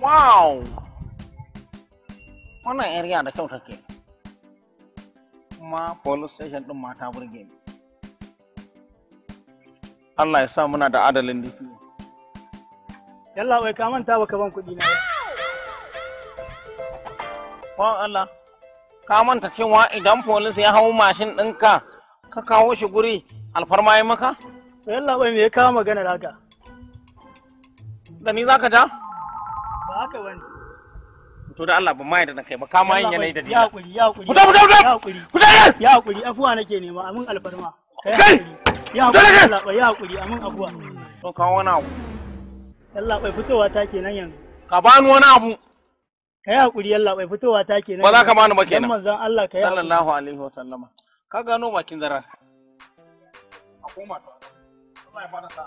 wow Mana area da tak kira? kuma police station din mata burge Allah ya sa muna da adalin Ya Allah, bai ka manta kawan ban kuɗi na ba Allah ka manta cewa idan police ya hau mashin ɗinka ka kawo shi guri alfarma ya maka? Yalla me ya kawo magana da Da ni za ka ba haka bane to da Allah ba mai da kai ba kama yin yanayi da dina yakuri yakuri ku tafi tafi yakuri ku tafi yakuri afuwa nake nema amin alfarma kai yakuri Allah ba yakuri amin afuwa to kawo wani abu Allah bai fitowa ta kenan yanzu ka bani wani abu kai hakuri Allah bai fitowa ta kenan ba za ka bani ba kenan manzon Allah kai sallallahu alaihi wa ka gano makin zarar a koma ta Allah ya bada sa'a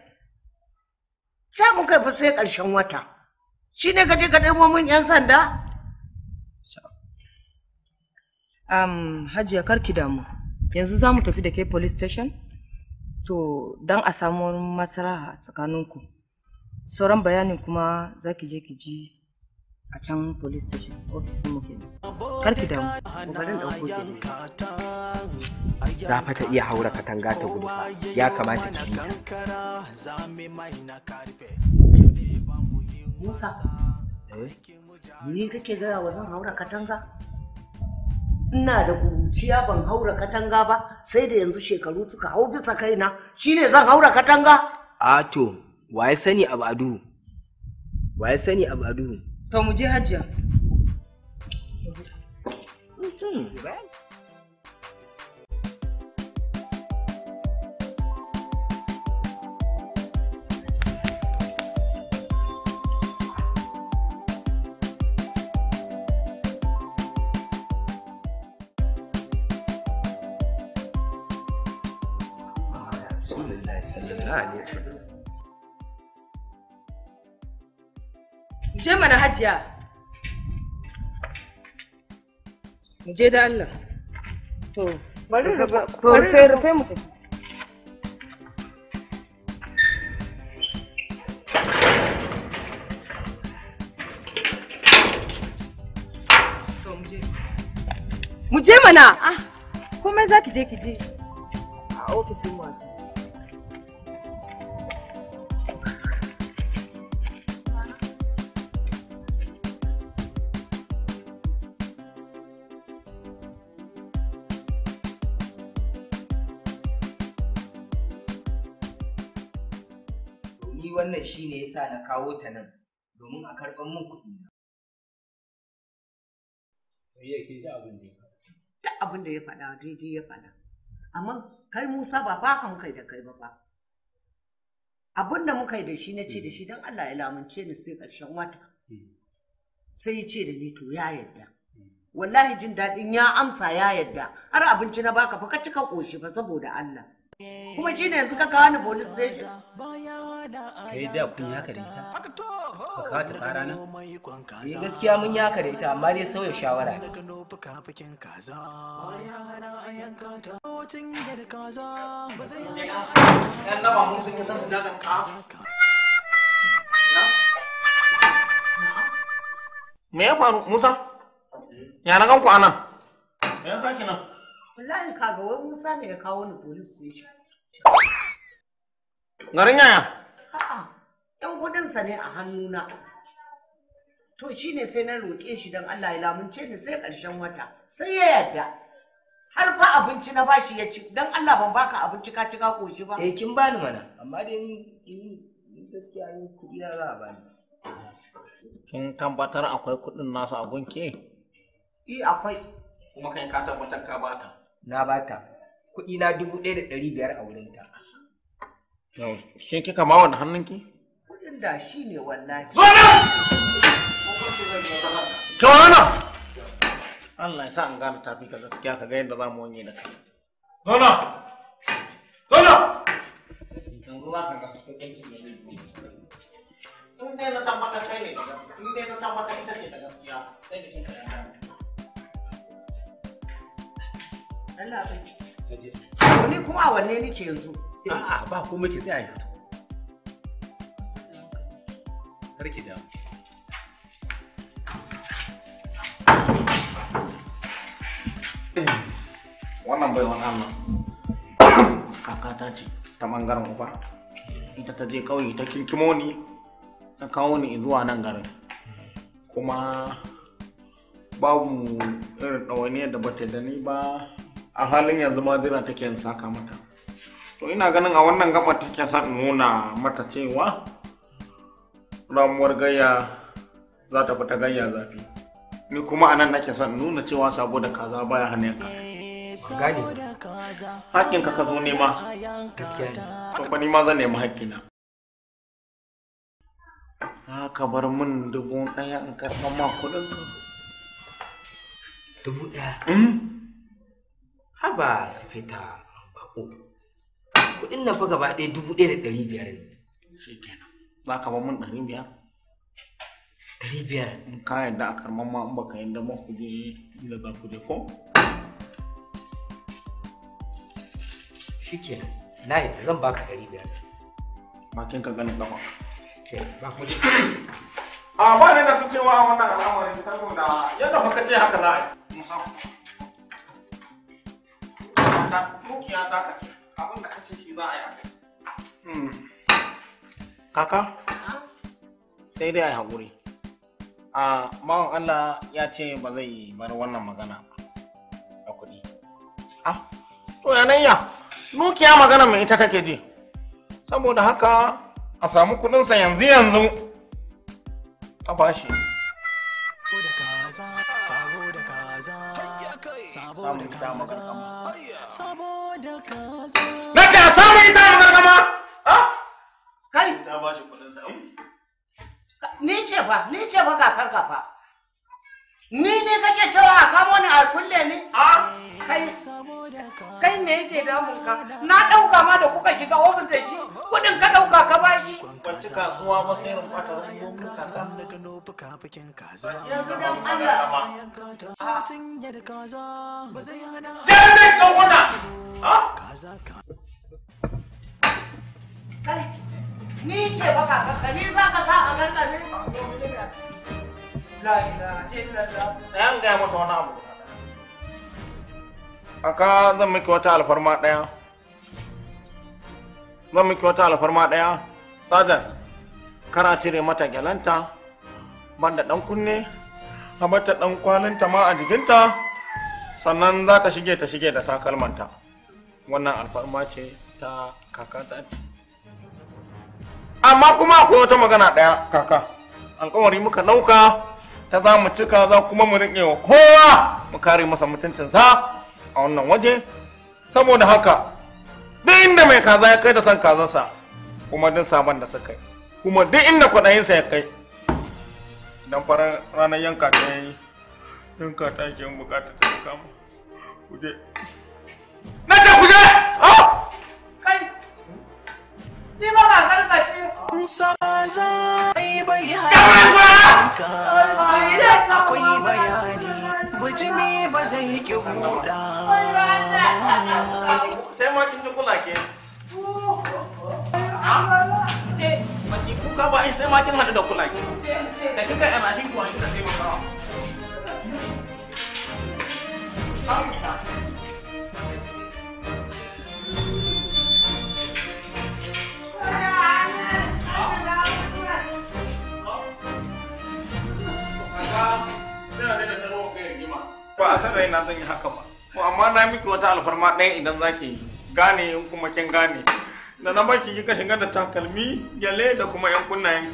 ba sai ƙarshen wata shi ne gaje ka nemo 'yan sanda um, hajiya karki damu yanzu za mu tafi da ke police station to don a samu masara tsakaninku sauran bayanin kuma za ki je ki ji a can police station ofisin mu ke karki damu ƙoƙarin dauko ke za fa ta iya haura katanga ta gudu ya kamata ki yi Musa, eh, ni kake gaya wa zan haura katanga? Ina da kuruciya ban haura katanga ba sai da yanzu shekaru suka hau bisa kaina shine zan haura katanga? A to, waye sani abu adu? Waye sani abu adu? To mu je hajiya. Hmm, je mana hajiya mu je da Allah to bari rufe rufe mu mu je mana ah, komai za ki je ki je a ofisin wasu shi ne yasa na kawo ta nan domin a karɓar mun kuɗi na. ya faɗa. Duk abin da ya faɗa daidai ya faɗa. Amma kai Musa ba fa kan kai da kai ba ba. Abin da muka yi da shi na ce da shi don Allah ya lamunce ni sai ƙarshen wata. Hmm. Sai ya ce da ni to ya yadda. Hmm. Wallahi jin daɗin ya amsa ya yadda. har abinci na baka fa ka cika ƙoshi ba saboda Allah. kuma shi ne yanzu ka kawo ni police station kai da kun ya kare ta ka kawo ta fara nan ni eh, gaskiya mun ya kare ta amma dai sauya shawara ne na mun sun yi san da ka me ya faru musa ya na kanku anan me ya kake nan wallahi kaga wai Musa ne ya kawo ni police station garin yaya a'a yan gudunsa ne a hannuna to shi ne sai na roƙe shi don Allah ya lamunce ni sai ƙarshen wata sai ya yarda har fa abinci na bashi ya ci don Allah ban baka abinci ka ci ka koshi ba eh kin bani mana amma dai ni gaskiya ne kuɗi na za a bani kin tabbatar akwai kuɗin nasu a gunki eh akwai kuma kai ka tabbatar ka bata na ba ta. kuɗi na dubu ɗaya da ɗari biyar a wurin ta. Shi kika ma wani hannun ki? Kuɗin da shi ne wallahi. Zo na! Ka wana? Allah ya sa an gane tafi ka gaskiya ka ga yadda za mu wanye da kai. Zo na! Zo na! Yanzu za ka ga hukuncin da zai yi. In dai na tabbata kai ne da gaskiya, in dai na tabbata ita ce da gaskiya, sai da kinka ya Allah bai. Kaje. Ni kuma a wanne nake yanzu? A'a ba tsaya yanzu. Wannan bai wani amma. ce ta bangaren uba. Ita ta je ƙauye ta kinkimo ni ta kawo ni zuwa nan garin. Kuma babu irin ɗawainiyar da bata da ni ba a halin yanzu ma jira take yin saka mata to ina ganin a wannan gaba take sa nuna mata cewa ramuwar gayya za ta fita gayya zafi ni kuma anan nake son nuna cewa saboda kaza baya hana ka gane hakkin ka ka zo nema gaskiya ne to ni ma zan nemi hakkina za ka bar min dubu ɗaya in karɓa ma kuɗin dubu ɗaya hmm? haba su fita bako kudin nan fa gaba ɗaya dubu ɗaya da ɗari biyar ne shi kenan za ka ba mun ɗari biyar ɗari biyar in ka yadda a karman ma in baka yadda ma ku je inda za ku je ko shi kenan na yadda zan baka ɗari biyar bakin ka ganin gaba ba ku je a ba ne da fi cewa wannan al'amarin saboda yadda kuka ce haka za a yi kaka sai dai a yi haƙuri a bawan Allah ya ce ba zai yi bar wannan magana da kuɗi A? Ah, to yanayya nukiya magana mai ita take ji saboda haka a samu kuɗinsa yanzu yanzu ta bashi saboda na ce a samu ita a gargama kai ta ba shi kudin ni ce ba ni ce ba gafar ni ne kake cewa a kamo ni a kulle ni a kai kai me yake damun ka na dauka ma da kuka shiga ofin da shi kudin ka dauka ka bashi wacce kasuwa ba sai rin fata ruwan kaka yanzu dan Allah ba dan ne ka wuna kai ni ce baka kaka ni za ka sa a garkar ne aka zan miki wata alfarma daya zan miki wata alfarma daya sadan kara cire mata gyalanta banda dan kunne a mata dan kwalinta ma a jikinta sannan za ta shige ta shige da takalmanta wannan alfarma ce ta kaka ta ce amma kuma akwai wata magana ɗaya kaka alkawari muka ɗauka ta za mu cika za kuma mu riƙe wa kowa mu kare masa mutuncinsa a wannan waje saboda haka duk inda mai kaza ya kai da son kazansa kuma duk sabon da suka yi kuma duk inda kwaɗayinsa ya kai dan fara ranar yanka ta yi yanka ta yi yin bukata ta kama kuje na je kuje ah! kai ni ba ka gargace haka akwai bayani bijimi ba zai ki huda sai ma kin ke ce kuka ba in sai da kula ke da kika shi kuwa shi da ko a san raina zan yi haka ba ko amma na miki wata alfarma ɗaya idan za ki gane in kuma kin gane da na baki kika shiga da takalmi gyale da kuma yan kunnayen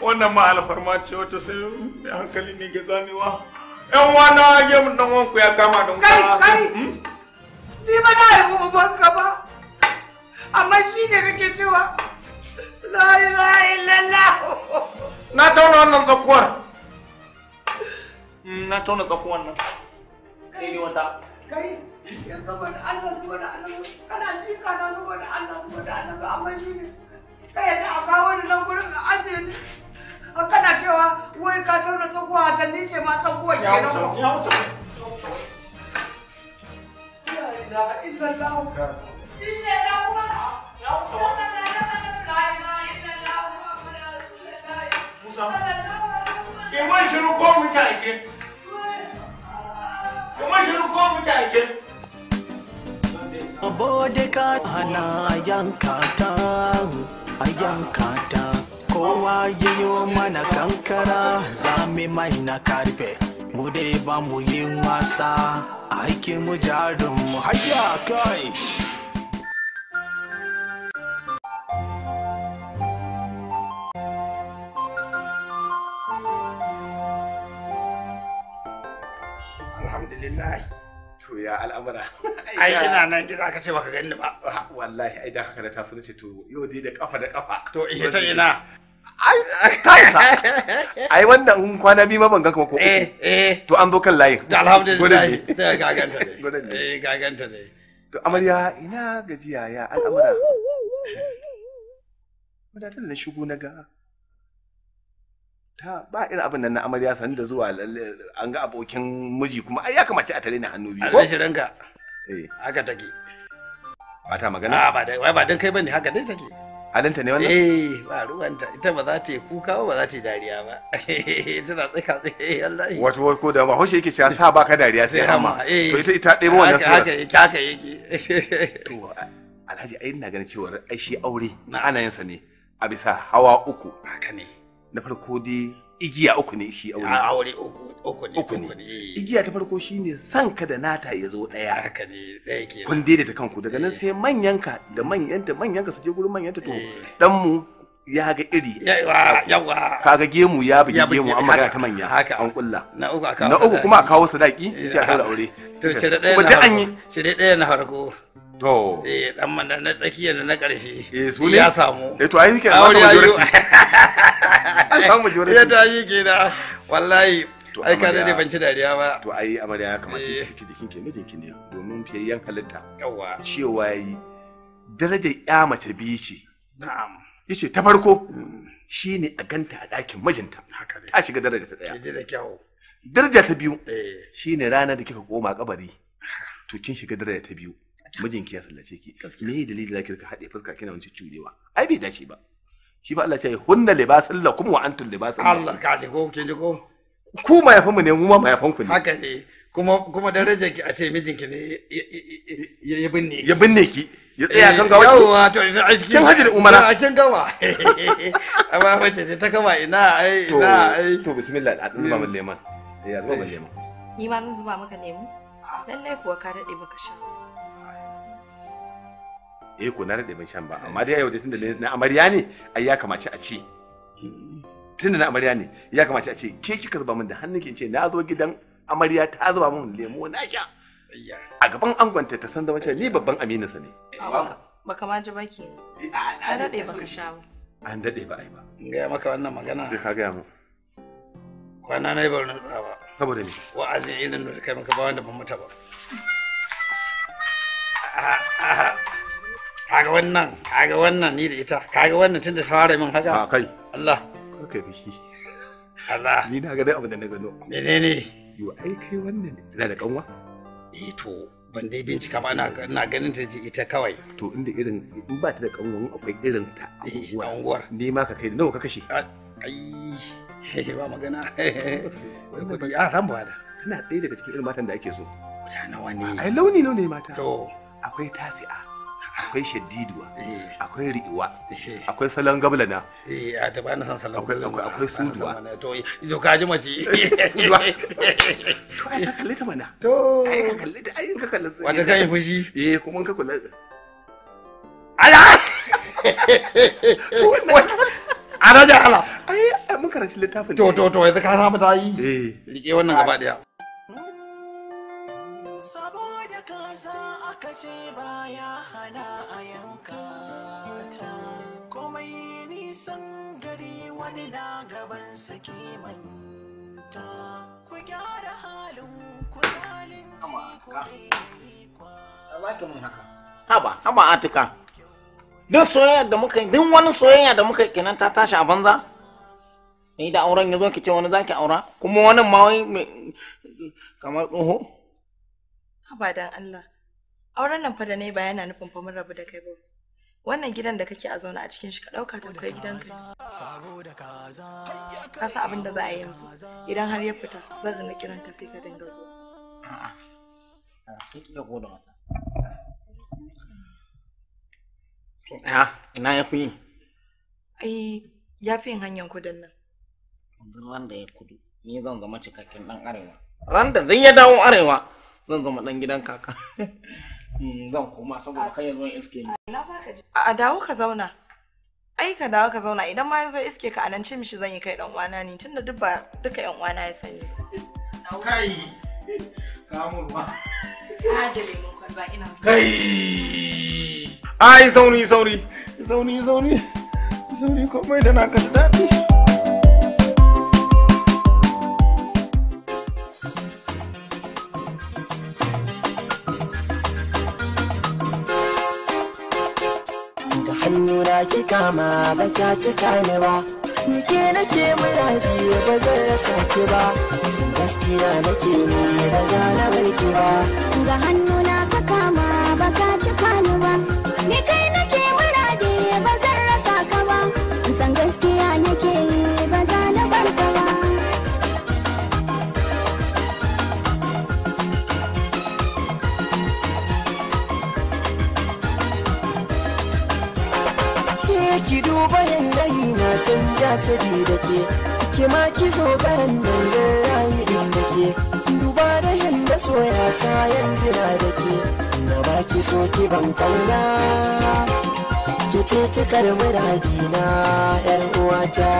wannan ma alfarma ce wata sai mai hankali ne ga ganewa yan wana ya mun dan wanku ya kama da wuta kai kai hmm? ni ba na yi ka ba amma shi ne kake cewa la ilaha illallah na tauna wannan tsakuwar Mm, na tauna tsakuwan nan sai ni wata kai yanzu saboda Allah saboda Allah kana ci kana saboda Allah saboda Allah amma ni ne kai da a kawo ni nan gurin a ajiye ni kana cewa wai ka tauna tsakuwa ta ni ce ma tsakuwa ke nan ko ya wuce ya ya ya ya ya wuce Musa, ya ya ya Bodika hana a yanka ta, a yanka ta, kowa yiyo mana kankara zami mai na karfe, mu dai ba mu yin wasa, aikin mu jarin mu hayya kai. ga al'amura ai ina nan gida aka ce baka gani ba wallahi ai da haka na taso nace to yau dai da kafa da kafa to eh ta ina ai kansa ai wannan in kwana bi ma ban ganka ko eh eh to an zo kan layin alhamdulillah da gaganta ne eh gaganta ne to amarya ina gajiya ya al'amura wadatun na shigo na ga ta ba irin abin nan na amarya sanin da zuwa an ga abokin miji kuma ai ya kamace a tare ni hannu biyu Allah shi ranka eh haka take ba ta magana a ah, ba dai wai ba dan kai bane haka dai take halinta ne wannan eh ba ruwanta ita ba za ta yi kuka ba ba za ta yi dariya ba tana tsaka tsaye wallahi wato ko da ba hoshe yake cewa sa baka dariya sai hama eh. to ita ita ɗebo wannan sai haka yake haka yake to alhaji ai ina ganin cewa ai shi aure na ana yin sa ne a bisa hawa uku haka ne na farko dai igiya uku ne shi aure aure uku ne uku ne igiya ta farko shine sanka da nata ya zo daya haka ne daya ke kun daidaita kanku daga nan eh. sai manyanka da manyanta manyanka su je gurin manyanta to dan eh. mu ya ga iri yawa kaga gemu ya bugi gemu an magana ta manya an kulla na uku kuma a kawo sadaki sai a kawo eh. aure to shirye daya na farko to eh dan mana na tsakiya da na karshe eh su ne ya samu eh to ai yake na majority an samu majority ya ta yi kenan wallahi ai ka dai ban ci dariya ba to ai amarya ya kamace ki eh. saki jikin ki mijin ki ne domin fiyayyen halitta yawa cewa yi darajar ya mace bi ce na'am yace ta farko mm. shine a ganta a ɗakin mijinta ta shiga daraja ta ɗaya daraja ta biyu eh. shine ranar da kika koma kabari to kin shiga daraja ta biyu mijinki ya sallace ki me ye dalili zaki ka haɗe fuska kina wani curewa ai bai dace ba shi ba Allah ya ce hunna libasan lakum wa antum libasan Allah ka ji ko ke ji ko ku ma yafan mu ne mu ma yafan ku ne haka ne kuma kuma darajar ki a ce mijinki ne ya binne ya binne ki ya tsaya eh, kan gawa yawa to a cikin kin hajji da umara a kin gawa amma wace ce ta kama ina ai ina ai to bismillah a tsumma mun leman ya zuba leman eh, eh. ni ma mun zuba maka lemu lalle kuwa ka dade maka sha eh ko na rade mai shan ba amma eh. dai yau da tunda na amarya ne ai ya kamace a ce tunda na amarya ne ya kamace a ce ke kika zuba min da hannun k'i ce na zo gidan amarya ta zuba min lemo na sha a gaban angonta ta san da cewa ni babban aminin sa ne eh, baka ma ji ba ke eh, an daɗe baka sha ba an daɗe ba ai ba in gaya maka wannan magana sai ka gaya mu kwana na yi bar na tsaba saboda me wa'azin irin da kai maka ba wanda ban mata ba kaga wannan kaga wannan ni da ita kaga wannan tun da fara min haka a kai Allah kar kai fishi Allah ni na ga dai abin da na gano ne yo ai kai wannan ina da kanwa eh to ban dai bincika ba ina ina ganin ta ita kawai to inda irin in ba ta da kanwan akwai irin ta a eh, unguwar ni ma ka kai nawa ka kashe ai ba magana a san ba ah, da kana ɗaya daga cikin irin matan da ake so guda nawa ne ai launi ne mata to akwai tasi'a akwai shaddiduwa eh. akwai riwa eh. akwai salon gablana eh a ta bani san salon akwai akwai suduwa to ido ka ji mace suduwa to ai ka kalli ta mana to ai ka kalli ta ai ka kalli ta wata kai fushi eh kuma ka kula ala a raja ala ai mun karanci littafin to to to yanzu ka samu ta yi eh rike wannan gaba daya kasa kimanta ku gyara halin ku zalunci ku haba haba atika duk soyayya da muka duk wani soyayya da muka kenan ta tashi a banza ni da auren ya zo ki ce wani zaki aura kuma wani ma wai kamar tsoho haba dan Allah auren nan fa da ne ba yana nufin fa mun rabu da kai ba wannan gidan da kake a zauna a cikin shi ka ɗauka kai gidan ka san abin da za a yanzu idan har ya fita zan rinna kiran ka sai ka dinga zuwa a'a ina ya fi yi ai ya fi yin hanyar kudin nan duk wanda ya kudu ni zan zama cikakken dan arewa ran da zai ya dawo arewa zan zama dan gidan kaka Mm, zan koma saboda kan yanzu in iske ne. na saka ji a dawo ka zauna ai ka dawo ka zauna idan ma yanzu iske ka anan ce mishi zan yi kai dan uwana ne tunda duk ba duka yan uwana ya sani kai ka murma adale mun kwalba ina so kai ai zauni zauni zauni zauni zauni komai da na ka daɗi ki kama ba kya cika ni ba ke nake muradi ba zan rasa ki ba san gaskiya nake ni ba za na bar ki ba ga na ka kama ba ka cika ni ba ni kai nake muradi ba zan rasa ka ba san gaskiya nake yi ki duba yanda na canja sabida ke ki ma ki zo garin nan zan rayu da ke duba da yanda soya sa yanzu na da ke na ba ki so ki ban kauna ki ce cikar muradina yar uwata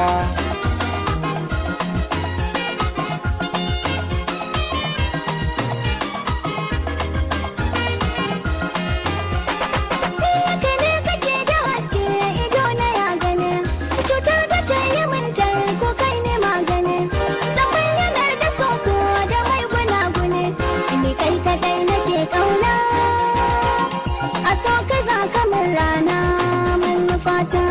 fata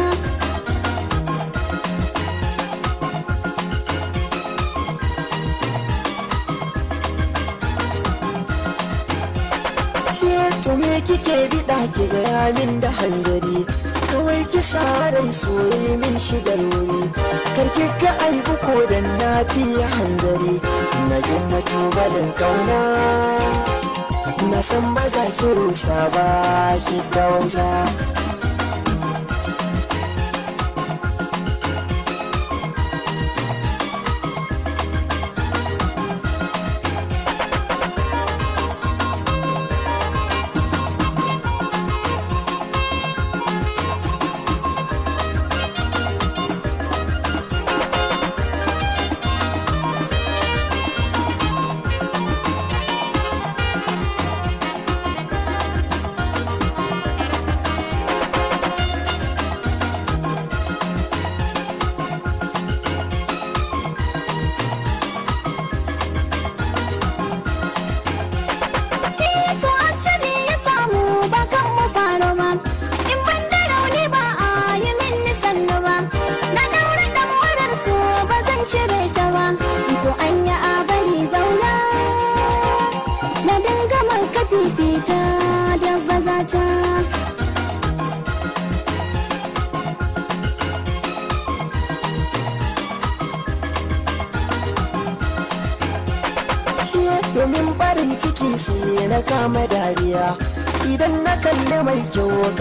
to me kike biɗa ki gaya min da hanzari kawai ki rai soye min shigar wuri karki ga aibu ko dan na fiye hanzari na gina tuba da kauna na san ba za ki rusa ba ki kauza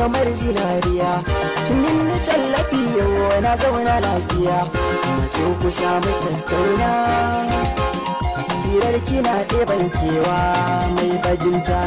kamar zinariya tunin na tallafi yawo na zauna lafiya maso ku samu tattauna Firar kina ɗeban kewa mai bajinta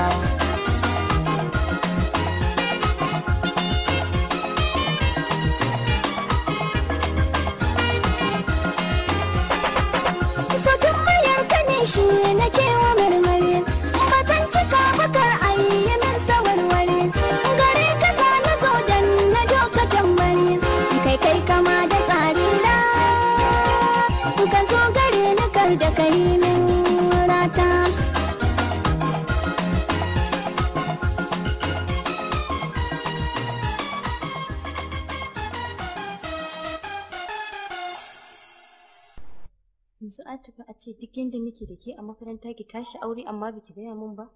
ce duk yadda nake da ke a makaranta ki tashi aure amma baki gaya mun ba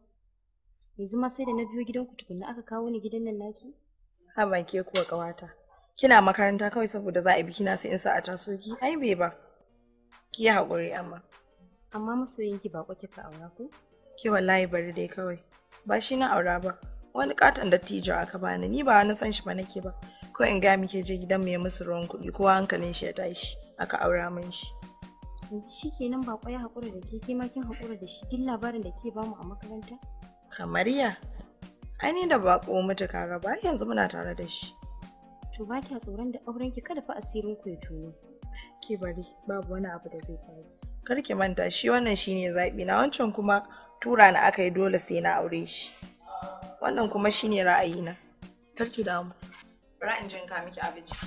yanzu ma sai da na biyo gidan ku tukunna aka kawo ni gidan nan naki ha ke kuwa kawata kina makaranta kawai saboda za a biki na sai in sa a taso ki ai bai ba ki yi haƙuri amma amma masoyinki ba kwake ka aura ko ki wallahi bari dai kawai ba shi na aura ba wani katon da tijo aka bani ni ba wani san shi ba nake ba ko in ga muke je gidan mu ya musu ruwan kuɗi kowa hankalin shi ya tashi aka aura min shi yanzu shi nan ba kwaya haƙura da ke ke kin haƙura da shi duk labarin da ke bamu a makaranta kamariya ai ni da bako mutu kaga ba yanzu muna tare da shi to ba kya tsoron da auren ki kada fa asirin ku ya tono ke bari babu wani abu da zai faru kar ki manta shi wannan shine zabi na wancan kuma tura na aka yi dole sai na aure shi wannan kuma shine ra'ayina kar ki damu in jinka miki abinci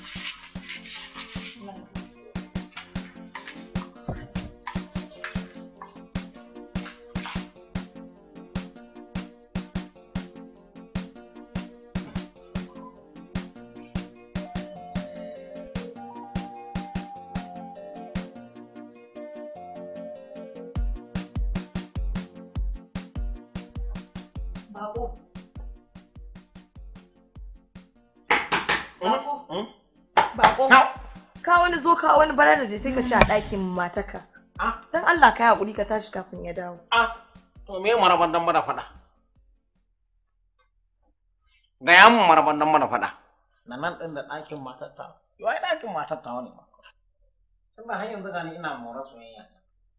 balar da sai ka ci a ɗakin mataka. Ah. Don Allah ka yi haƙuri ka tashi kafin ya dawo. A, ah. to me maraban dan mana faɗa? Ga ya mun maraban dan mana faɗa. Na nan ɗin da ɗakin matatta. yawai ai ɗakin matatta wani ma. ba har yanzu gani ina mora soyayya.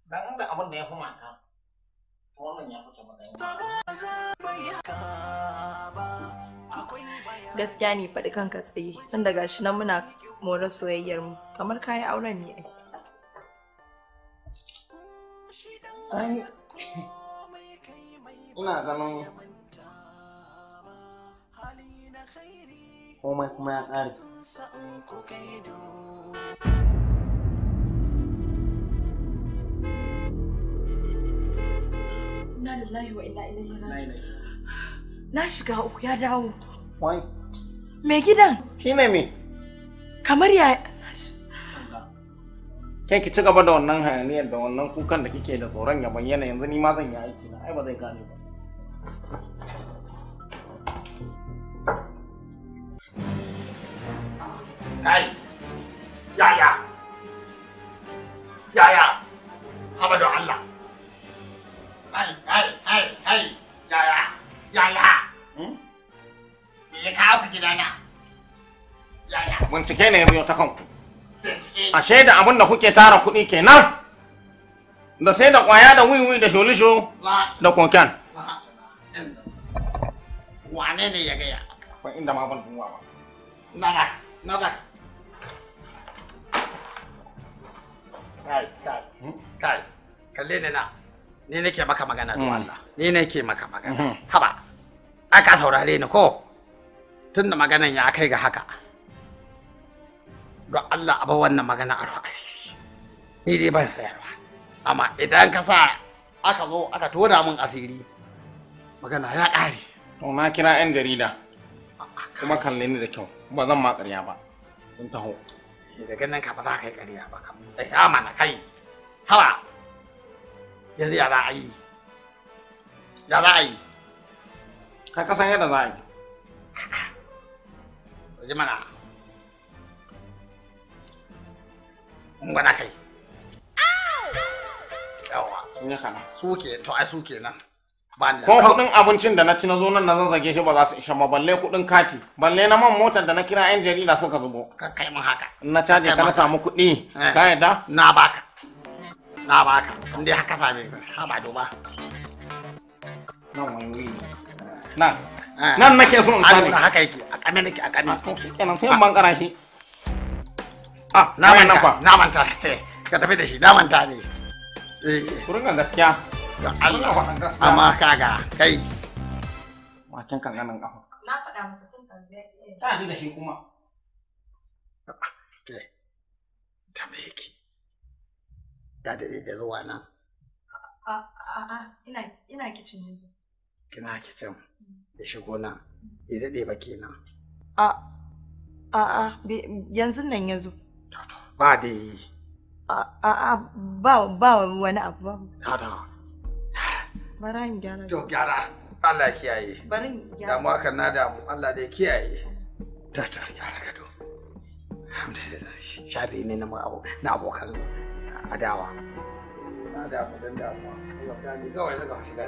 Dan inda abin da ya fi mata. Wannan ya fi ta magana. gaskiya ne faɗi kanka tsaye tun daga shi nan muna more soyayyar mu kamar kayi auren ne ai ina ganin komai kuma ya ƙare Inna lillahi wa inna ilaihi raji'un. Na shiga uku ya dawo. Wai. Me gidan? Shi ne me? Kamar ya Kai ki ci gaba da wannan hayaniyar da wannan kukan da kike da tsoron ya bayyana yanzu ni ma zan yi aiki na ai ba zai gane ba. Kai. Yaya. Yaya. Haba don Allah. bincike ne biyo ta kanku a shaida abin da kuke tara kuɗi kenan da sai da kwaya da wiwi da sholisho da kokan wane ne ya gaya ba inda ma ban ba nada nada kai kai hmm? kai kalle ne na ni ne ke maka magana da hmm. Allah ni ne ke maka magana hmm. haba aka saurare ni ko tunda maganan ya kai ga haka don Allah a ba wannan magana a asiri ni dai ban sayarwa amma idan ka sa aka zo aka tona min asiri magana ya ƙare to na kira 'yan jarida kuma kalle ni da kyau ba zan ma ƙarya ba sun taho daga nan ka ba za ka yi ƙarya ba da ya mana kai hawa yanzu ya za a yi ya za a yi ka kasan yadda za a yi ji mana gwada kai yawa in ya kana su ke to ai su kenan ko kudin abincin da na ci na zo nan na zanzage shi ba za su isha ma balle kudin kati balle na man motar da na kira yan jarida suka zubo ka kai mun haka na caje ka na samu kudi eh. ka yadda na baka na baka in dai haka same ka ha ba duba nan wani wuri ne nan eh. nan nake so in sani haka yake a kame nake a kame ah, to shikenan sai in ban shi Ah, na manta Na manta. Ka tafi da shi, na manta ne. Eh. Kurin kan gaskiya. Ga Allah. Amma kaga kai. Matan kan kafa. Na faɗa masa tun kan zai. Ta da shi kuma. Ke. Ta me yake? da da zuwa nan. ina ina kicin yanzu. Kina kicin. Mm. Da shigo nan. Ya ba kenan. A yanzu nan ya zo. ba da yi a ba ba wani abu ba hada bara in gyara to gyara Allah kiyaye bari in gyara damu akan na damu Allah da kiyaye ta ta gyara ka to alhamdulillah shari ne na abu na abokan adawa na da mu dan damuwa Allah ni kawai zaka shiga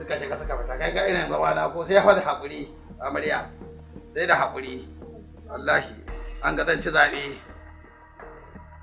suka shiga suka fita kai ga ina baba na ko sai ya hakuri amarya sai da hakuri wallahi an ga zan ci zabe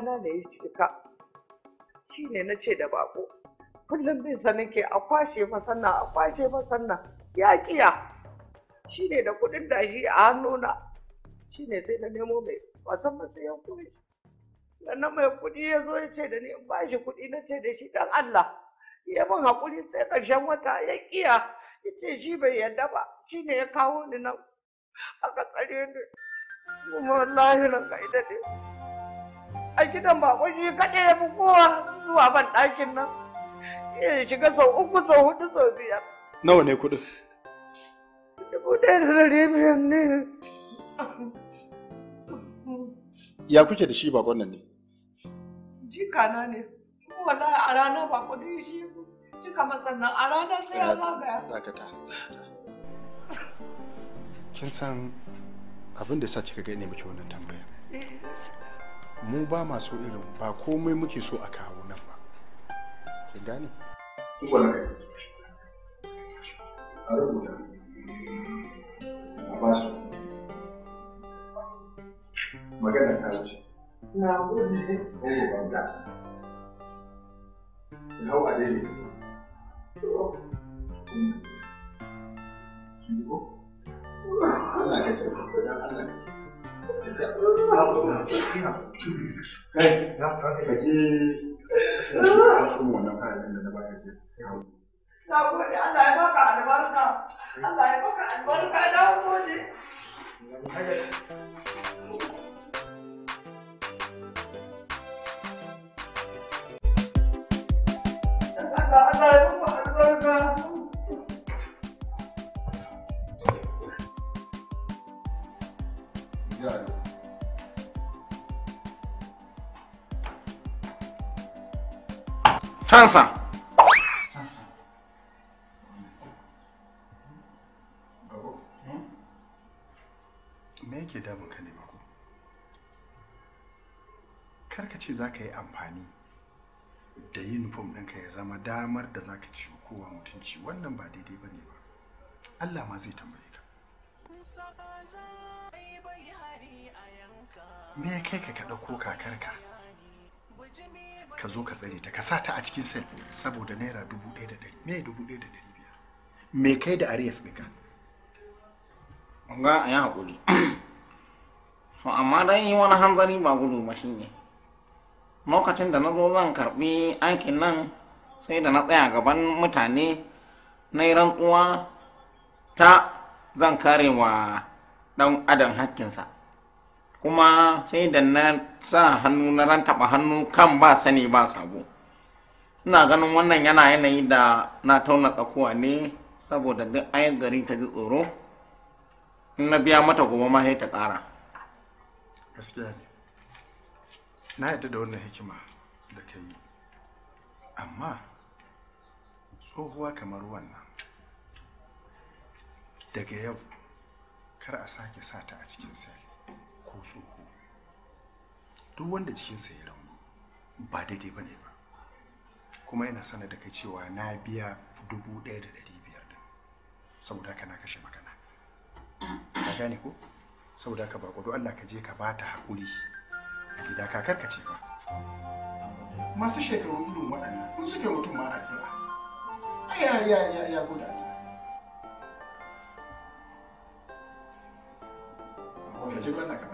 gidana ne ya cika shi ne na ce da bako kullum bin sa nake a kwashe masa a kwashe masa ya kiya shi ne da kuɗin shi a hannuna shi ne sai na nemo mai wasan matsayin kuɗi sannan mai kuɗi ya zo ya ce da ni in ba shi kuɗi na ce da shi dan Allah ya min haƙuri sai ƙarshen wata ya kiya ya ce shi bai yarda ba shi ne ya kawo ni nan aka tsare ni kuma wallahi ranka ita ne a gidan bakon shi kaɗai ya fi kowa zuwa ban ɗakin nan ya shiga sau uku sau hudu sau biyar nawa ne kuɗin dubu ɗaya da ɗari biyar ne ya kuke da shi bakon nan ne jikana ne wallahi a rana ba kuɗi shi cika matsannan a rana sai ya zagaya dakata kin san abin da sa kika ga ne miki wannan tambaya. Eh. mu ba ma so irin ba komai muke so a kawo nan ba kin gane a rubuta a basu magana ta wuce na gode ko banga ki hau a daidai kasa Allah ka kyauta, Allah ka kyauta. Kai, baka Allah ya baka albarka. Allah ya baka albarka, na gode. Allah ya baka albarka. jihar Chansa. ka ne ce za ka yi amfani da uniform ɗinka ya zama damar da za ka ci kowa mutunci wannan ba daidai ba ne ba. Allah ma zai tambaye ka. me ya kai ka ka ɗauko kakarka ka zo ka tsare ta ka sa ta a cikin sel saboda naira dubu ɗaya da ɗari me dubu ɗaya da ɗari biyar me kai da arias ɗinka ga a yi haƙuri so amma dan yi wani hanzari ba gudu ba shi ne lokacin da na zo zan karɓi aikin nan sai da na tsaya gaban mutane na yi rantsuwa ta zan kare wa ɗan adam hakkinsa kuma sai da na sa hannu na ran taɓa hannu kan ba sani ba sabo ina ganin wannan yana yanayi da na tauna tsakuwa ne saboda duk ayan gari ta ji tsoro in na biya mata gobe ma sai ta kara gaskiya ne na yadda da wannan hikima da ka yi amma tsohuwa kamar wannan daga yau kar a sake sata a cikin sai ko tsoho duk wanda jikinsa ya rauni ba daidai ba ne ba kuma yana sanar da kai cewa na biya dubu ɗaya da ɗari biyar da saboda haka na kashe magana ka gane ko saboda haka ba kudu allah ka je ka bata haƙuri a gida kakar ka ce ba masu shekaru irin waɗannan kun suke mutum ma addu'a ya ya ya ya guda ka je gwamna ka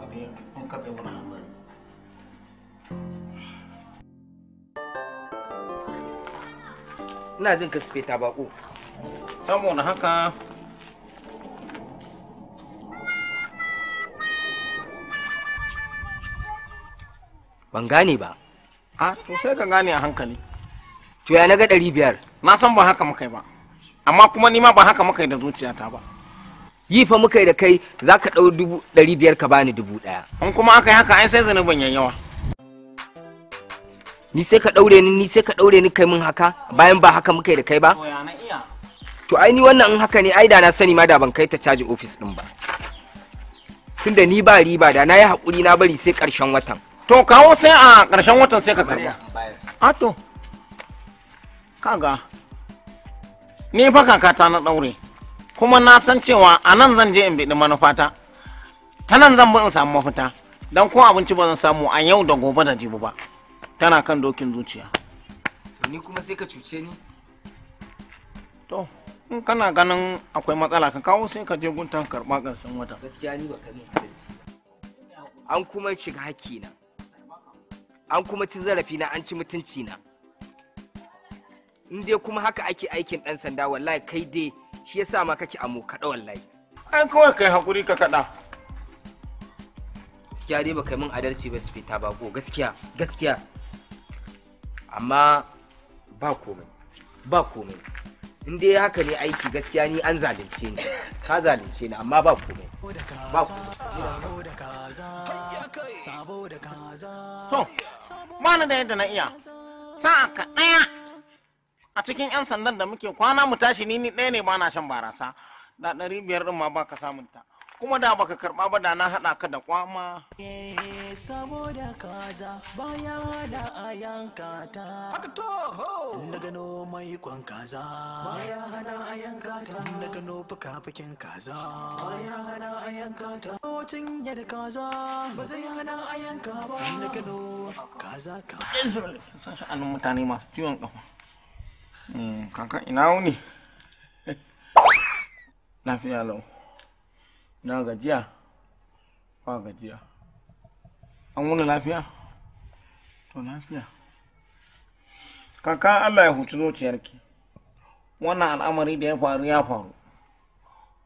abin kun mana ina jin ka ta bako na haka ban gane ba a to sai ka gane a hankali to ya na ga ɗari biyar na san ba haka makai ba amma kuma nima ba haka makai da zuciyata ba yi fa muka yi da kai za ka ɗau dubu ɗari biyar ka bani dubu ɗaya. An kuma aka yi haka ai sai zanubin yan yawa. Ni sai ka ɗaure ni ni sai ka ɗaure ni kai min haka bayan ba haka muka yi da kai ba? To ai ni wannan in haka ne ai da na sani ma da ban kai ta caji ofis ɗin ba. Tunda ni ba riba da na yi haƙuri na bari sai ƙarshen watan. To kawo sai a ƙarshen watan sai ka karɓa. A to. Kaga. Ni fa kakata na ɗaure. kuma na san cewa a nan zan je in biɗi manufata ta nan zan bi in samu mafita don ko abinci ba zan samu a yau da gobe da jibi ba tana kan dokin zuciya to ni kuma sai ka cuce ni to in kana ganin akwai matsala ka kawo sai ka je gunta karɓa ƙarshen wata gaskiya ni ba ka an kuma shiga na. an kuma ci zarafi na an ci mutunci na in dai kuma haka ake aikin ɗan sanda wallahi kai dai shi yasa ma kake amo kada wallahi an kawai kai hakuri ka kaɗa gaskiya dai baka min adalci ba su fita ba go gaskiya gaskiya amma ba komai ba komai in dai haka ne aiki gaskiya ni an zalunce ni ka zalunce ni amma ba komai ba komai to mana da yadda na iya sa'a ka daya a cikin 'yan sandan da muke kwana mu tashi ni ni ɗaya ne ba na shan barasa da ɗari biyar ɗin ma baka samun ta kuma da baka karɓa ba da na haɗa ka da kwama. saboda kaza baya da ayan kata Haka to ho! Na gano mai kwan kaza. Baya hana ayan kata ta. Na gano fuka-fukin kaza. Baya hana ayan kata ta. Tocin kaza. Ba zai hana ayan ka ba. Na gano kaza ka. Yanzu, sha'anin mutane masu ciwon kafa. Mm, Kankan ina wuni? Lafiya lau. Na gajiya? Ba gajiya. An wuni lafiya? To lafiya. Kankan Allah ya huci zuciyarki. Wannan al'amari da ya faru ya faru.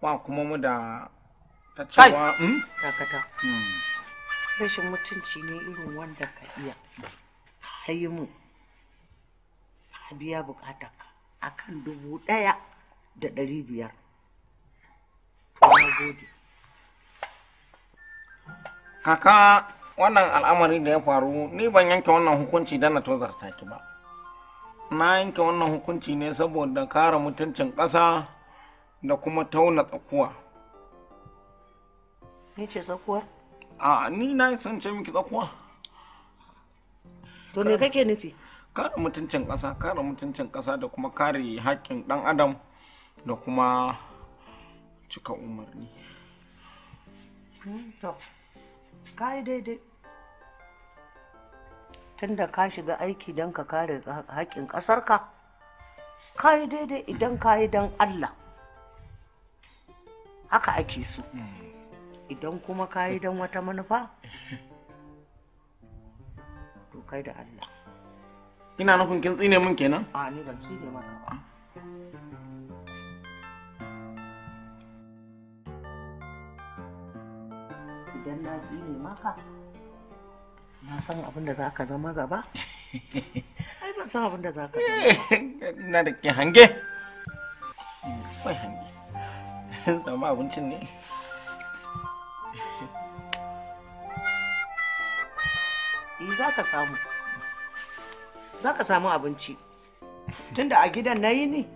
Ba kuma mu da ta cewa. Hmm? Dakata. Hmm. Rashin mutunci ne irin wanda ka iya. Kayi mu. a biya bukatar a kan dubu ɗaya da ɗari biyar. Kaka wannan al'amari da ya faru ni ban yanke wannan hukunci don na tozarta ki ba. Na yanke wannan hukunci ne saboda kare mutuncin ƙasa da kuma tauna tsakuwa. Ni ce tsakuwa? A ni na yi sance miki tsakuwa. To me kake nufi? kare mutuncin ƙasa kare mutuncin ƙasa da kuma kare haƙƙin ɗan adam da kuma cika umarni hmm, to kai daidai da ka shiga aiki don ka kare haƙƙin ƙasarka ka yi daidai idan ka yi don allah haka ake so idan kuma ka yi don wata manufa to kai da allah ina nufin kin tsine min kenan a ni ban tsine maka ba idan na tsine maka na san abin da zaka zama gaba ai ban san abin da zaka ka zama eh, ina da ke hange wai hange samu abincin ne Iza eh, ka samu za ka samu abinci tunda a gidan na yi ni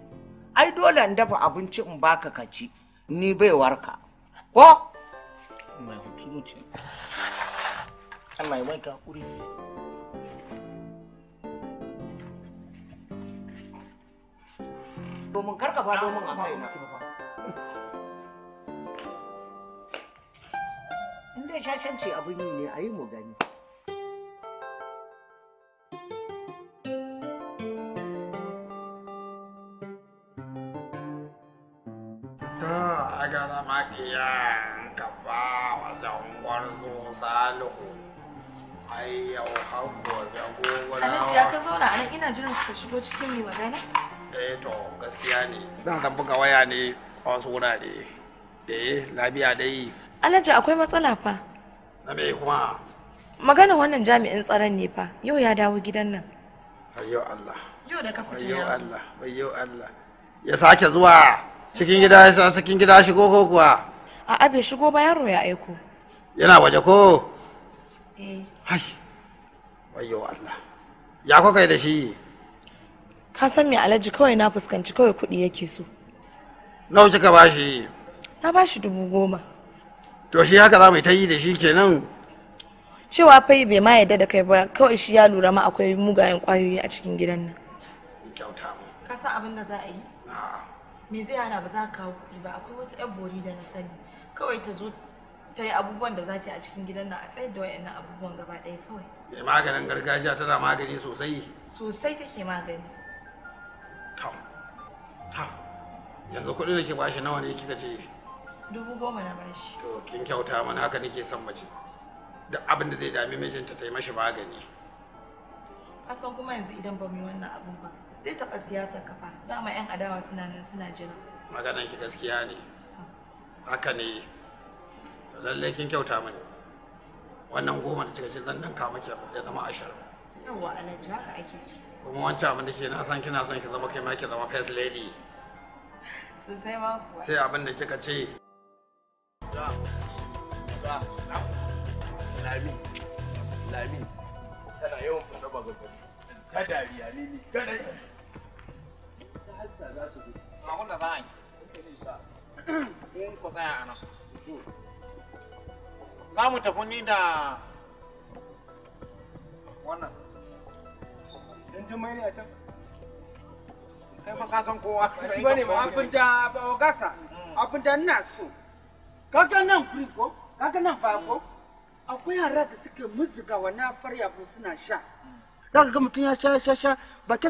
ai dole in dafa abinci in baka ka ci ni warka, ko domin domin a shashanci abin yi ne a yi mu gani biya ka ba wa zangon salihu ai yau har oh, gobe alhaji ya ka zauna a nan ina jiran ka shigo cikin magana eh to gaskiya ne dan dan buga waya ne a wasu wurare eh lafiya dai alhaji akwai matsala fa na me kuma magana wannan jami'in tsaron ne fa yau ya dawo gidan nan Allah yau da ka fita yau Allah Allah ya sake zuwa cikin gida ya sa cikin gida shigo ko kuwa a'a bai shigo ba yaro ya aiko yana waje ko eh ai wayo Allah ya ko kai da shi ka san me alaji kawai na fuskanci kawai kuɗi yake so nawa kika bashi na bashi dubu goma to shi haka za mu ta yi da shi kenan cewa fai bai ma yadda da kai ba kawai shi ya lura ma akwai mugayen kwayoyi a cikin gidan nan ka san abin da za a yi me zai hana ba za ka kawo kuɗi ba akwai wata yar bori da na sani kawai ta zo ta yi abubuwan da za ta yi a cikin gidan nan a tsayar da wayannan abubuwan gaba ɗaya kawai mai maganin gargajiya tana magani sosai sosai take magani to to yanzu kuɗin da ke bashi nawa ne kika ce dubu goma na bashi to kin kyauta mana haka nake son mace da abin da zai dami mijinta ta yi mashi magani kasan kuma yanzu idan ba mu yi wannan abin ba zai taɓa siyasar kafa dama 'yan adawa suna nan suna jira maganan ki gaskiya ne haka ne lallai kin kyauta mani wannan goma da kika ce zan danka maki ya zama ashirin yawa alhaji haka ake so kuma wancan abin da ke na san kina son ki zama kai ma ki zama first lady sosai ma kuwa sai abin da kika ce da da lami lami tana yawan fada ba gaba ta ne ta za su zo ma kun da ba ni kun tsaya a nan za mu tafi ni da wannan dan ne a can kai fa ka san kowa ba abin da ba ogasa hmm. abin da ina so kaga nan kuri kaga nan hmm. akwai yara da suke muzuga wannan suna sha za ka ga mutum ya sha sha sha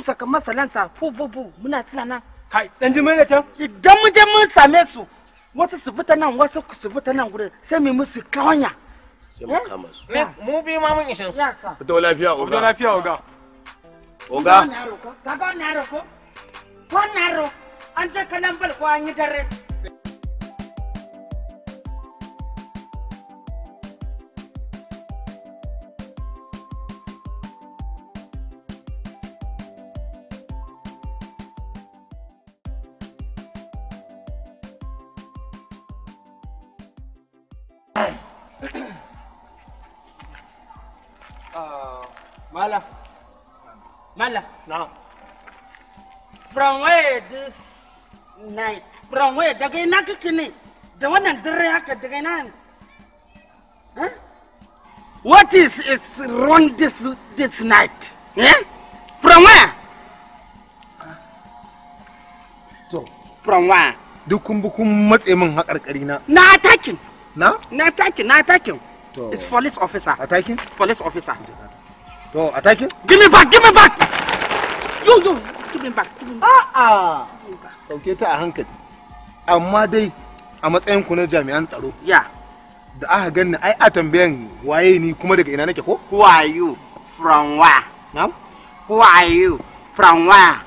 sa kamar salansa fu bu bu muna tuna nan kai dan ji ne can idan mun je mun same su wasu su fita nan wasu su fita nan gurin sai mu musu kawanya sai mu eh? kama su mu bi ma mun ishin su fito lafiya oga fito lafiya oga oga ka ga wani yaro ko ko na yaro an je kalan bal an yi dare Mala. Mala. Now. From where this night? From where? Daga ina kake ne? Da wannan dare haka daga ina ne? Huh? What is is wrong this this night? Eh? From where? To. From where? Duk kun kun matse min haƙarƙari na. Na attacking. Na? Na attacking, na attacking. To. It's police officer. Attacking? Police officer. So, attack him? Give me back, give me back! Yo, yo, give me back, give me back. Sauke ta a hankali. Amma dai a matsayin ku na jami'an tsaro. Ya. Da aka ganni ai a tambayan waye ni kuma daga ina nake ko? Who are you from where? Na'am? Who are you from where?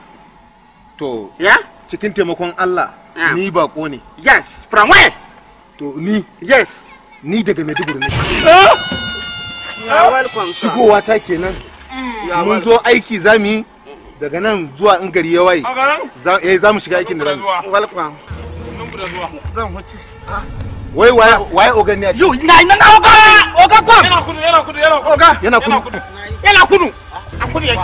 To, ya? Cikin taimakon Allah, ni bako ne. Yes, from where? To, ni? Yes. Ni daga Maiduguri ne. Ah! shigowa ta kenan mm. mun zo aiki za mu yi daga nan zuwa in gari ya waye eh, za mu shiga aikin da rami ah. wai waye ogan ne a yau na yi na oga oga kwam yana kudu yana kudu yana kudu yana kudu a kudu yake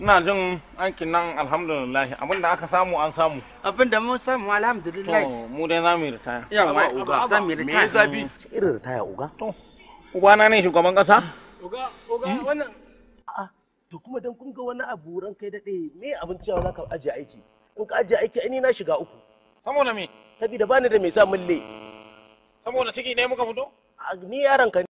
ina jin aikin nan alhamdulillah abinda aka samu an samu abinda mun samu alhamdulillah mu dai za mu yi ritaya yawa uga za mu yi ritaya me zafi irin ritaya uga to uga na ne shugaban kasa uga uga hmm? wannan a'a to kuma dan kun ga wani abu ran kai dade me abin cewa zaka aje aiki in ka aje aiki ai na shiga uku saboda me sabida bani da me sa mulle saboda ciki ne muka fito ni yaron ka